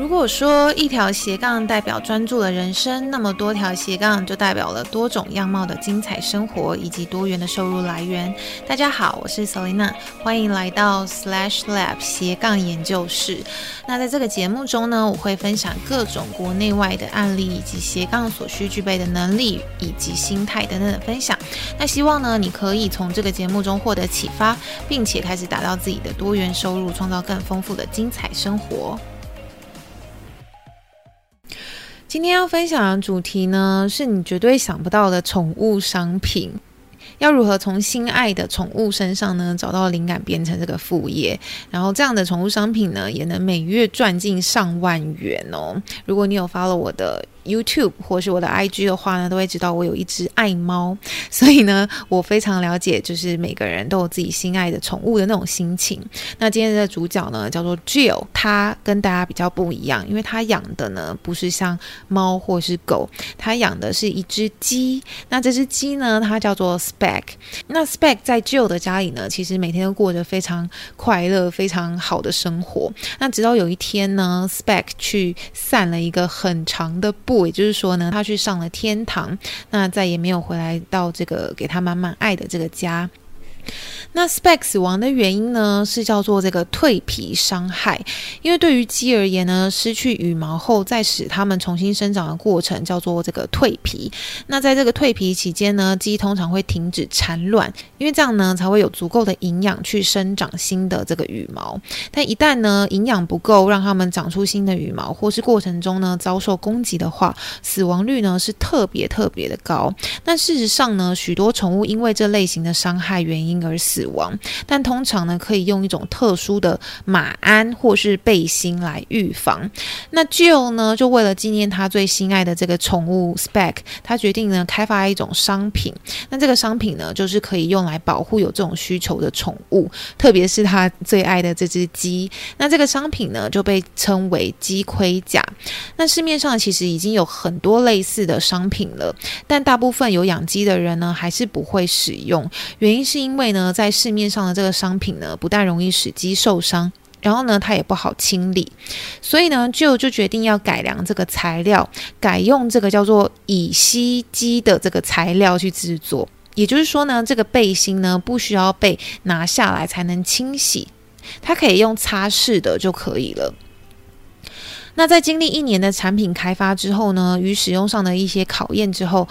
如果說一條斜槓代表專注的人生，那麼多條斜槓就代表了多種樣貌的精彩生活以及多元的收入來源。大家好，我是 Selina，歡迎來到 Slash Lab 斜槓研究室。那在這個節目中呢，我會分享各種國內外的案例，以及斜槓所需具備的能力以及心態等等的分享。那希望呢，你可以從這個節目中獲得啟發，並且開始打造自己的多元收入，創造更豐富的精彩生活。今天要分享的主題呢，是你絕對想不到的寵物商品，要如何從心愛的寵物身上呢，找到靈感，變成這個副業。然後這樣的寵物商品呢，也能每月賺進上萬元哦。如果你有 follow 我的。YouTube 或是我的 IG 的話呢，都會知道我有一只愛貓，所以呢，我非常了解，就是每個人都有自己心愛的寵物的那種心情。那今天的主角呢，叫做 Jill，他跟大家比較不一樣，因為他養的呢不是像貓或是狗，他養的是一只雞。那這只雞呢，它叫做 Speck。那 Speck 在 Jill 的家裡呢，其實每天都過着非常快樂、非常好的生活。那直到有一天呢，Speck 去散了一個很長的。不，也就是說呢，他去上了天堂，那再也沒有回來到這個給他滿滿愛的這個家。那 Speck 死亡的原因呢，是叫做這個蛻皮傷害。因為對於雞而言呢，失去羽毛後再使它們重新生長的過程叫做這個蛻皮。那在這個蛻皮期間呢，雞通常會停止產卵，因為這樣呢才會有足夠的營養去生長新的這個羽毛。但一旦呢營養不夠，讓它們長出新的羽毛，或是過程中呢遭受攻擊的話，死亡率呢是特別特別的高。那事實上呢，許多寵物因為這類型的傷害原因。而死亡，但通常呢可以用一種特殊的馬鞍或是背心來預防。那 Jill 呢就為了紀念他最心愛的這個寵物 Speck，他決定呢開發一種商品。那這個商品呢就是可以用來保護有這種需求的寵物，特別是他最愛的這隻雞。那這個商品呢就被稱為雞盔甲。那市面上其實已經有很多類似的商品了，但大部分有養雞的人呢還是不會使用，原因是因為。因為呢，在市面上的這個商品呢，不但容易使雞受傷，然後呢，它也不好清理，所以呢，就就決定要改良這個材料，改用這個叫做乙烯基的這個材料去製作。也就是說呢，這個背心呢，不需要被拿下來才能清洗，它可以用擦拭的就可以了。那在經歷一年的產品開發之後呢，與使用上的一些考驗之後。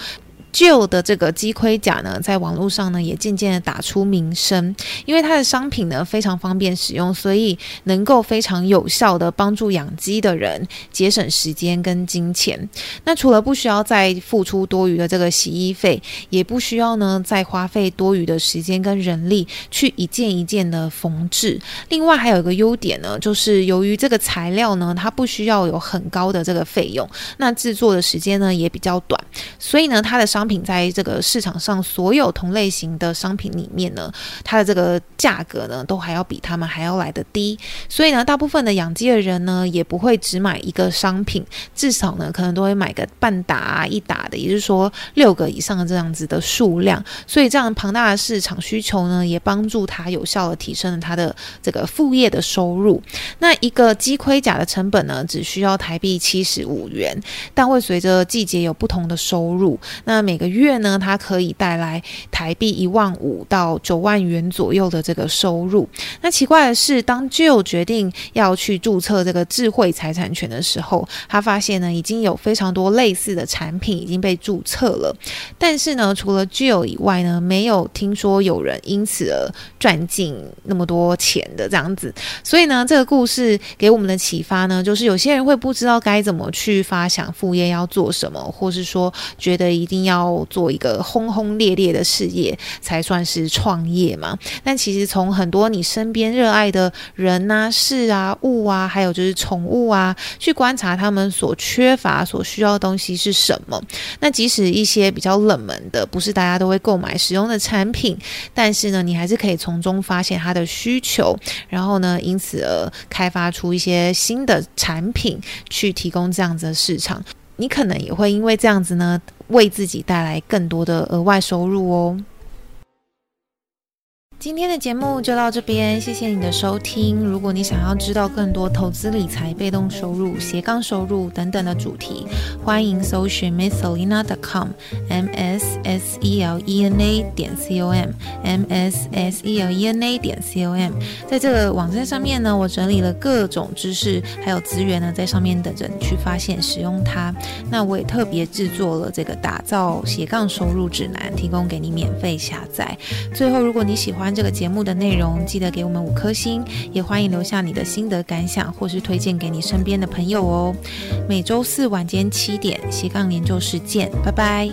Jill 的這個雞盔甲呢，在網絡上呢也漸漸的打出名聲，因為它的商品呢非常方便使用，所以能夠非常有效的幫助養雞的人節省時間跟金錢。那除了不需要再付出多餘的這個洗衣費，也不需要呢再花費多餘的時間跟人力去一件一件的縫製。另外還有一個優點呢，就是由於這個材料呢，它不需要有很高的這個費用，那製作的時間呢也比較短，所以呢它的商。商品在這個市場上，所有同類型的商品裡面呢，它的這個價格呢，都還要比他們還要來得低。所以呢，大部分的養雞的人呢，也不會只買一個商品，至少呢，可能都會買個半打、一打的，也就是說六個以上的這樣子的數量。所以這樣龐大的市場需求呢，也幫助他有效的提升了他的這個副業的收入。那一個雞盔甲的成本呢，只需要台幣七十五元，但會隨着季節有不同的收入。那每個月呢，他可以帶來台幣一萬五到九萬元左右的這個收入。那奇怪的是，當 Jill 決定要去註冊這個智慧財產權的時候，他發現呢，已經有非常多類似的產品已經被註冊了。但是呢，除了 Jill 以外呢，沒有聽說有人因此而賺進那麼多錢的這樣子。所以呢，這個故事給我們的啟發呢，就是有些人會不知道該怎麼去發想副業要做什麼，或是說覺得一定要。要做一個轟轟烈烈的事業才算是創業嘛？但其實從很多你身邊熱愛的人啊、事啊、物啊，還有就是寵物啊，去觀察他們所缺乏、所需要的東西是什麼。那即使一些比較冷門的，不是大家都會購買使用的產品，但是呢，你還是可以從中發現它的需求，然後呢，因此而開發出一些新的產品，去提供這樣子的市場。你可能也會因為這樣子呢，為自己帶來更多的額外收入哦。今天的節目就到這邊，謝謝你的收聽。如果你想要知道更多投資理財、被動收入、斜槓收入等等的主題，歡迎搜尋 MissElena.com，m s s e l e n a 點 c o m，m s s e l e n a 點 c o m。在這個網站上面呢，我整理了各種知識，還有資源呢，在上面等着你去發現、使用它。那我也特別制作了這個打造斜槓收入指南，提供給你免費下載。最後，如果你喜歡，這個節目的內容，記得給我們五顆星，也歡迎留下你的心得感想，或是推薦給你身邊的朋友哦。每周四晚間七點，斜槓研究室見，拜拜。